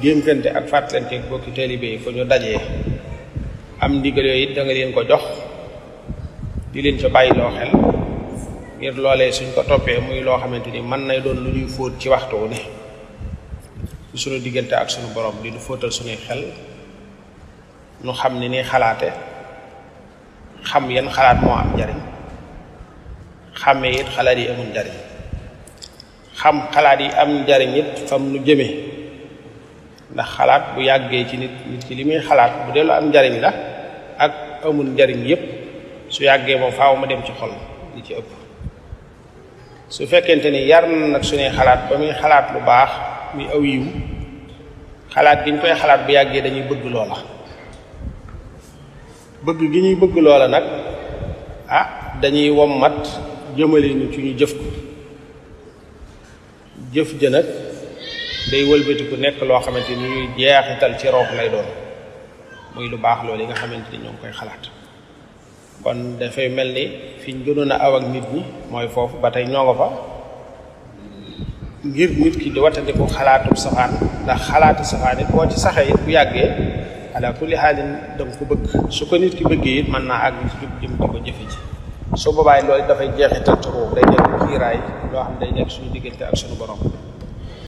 dénkante ak fàttalante kan bokki talibé yi fu ñu dajee am ndigal yooyu it da nga leen ko jox di leen ca bàyyi loo xel ngir loolee suñ ko toppee muy loo xamante ni mën nay doon lu ñuy fóot ci waxtu wu ne suñu diggante ak suñu borom di du fóotal suñuy xel nu xam ni ni xalaate xam yan xalaat moo am njariñ xàmmee it xalaat yi amul njariñ xam xalaat yi am njariñ it fam nu jëmee ndax xalaat bu yàggee ci nit nit ki li muy xalaat bu dee lu am njariñ la ak amul njariñ yépp su yàggee moom faaw ma dem ci xol li ci ëpp su fekkente ni yar na nag suñuy xalaat ba muy xalaat lu baax muy aw yiw xalaat giñ koy xalaat bu yàggee dañuy bëgg loola bëgg gi ñuy bëgg loola nag ah dañuy mat jëmale ñu ci ñu jëf ko jëf ja nag day wëlbatiku nekk loo xamante ni ñuy jeexital ci roox lay doon muy lu baax loolu yi nga xamante ni ñoo ngi koy xalaat kon dafay mel ni fiñ gënoon a aw ak nit ñi mooy foofu ba tey ñoo nga fa ngir nit ki di wattandiku xalaatu safaan ndax xalaatu safaan it boo ci saxee it bu yàggee ala kulli xaalin danga ko bëgg su ko nit ki bëggee mën naa àgg ci jub jëm di ko jëfe ci su boobaay loolu dafay jeexital ci ruux day nekk kiiraay loo xam day nekk suñu diggante ak sunu borom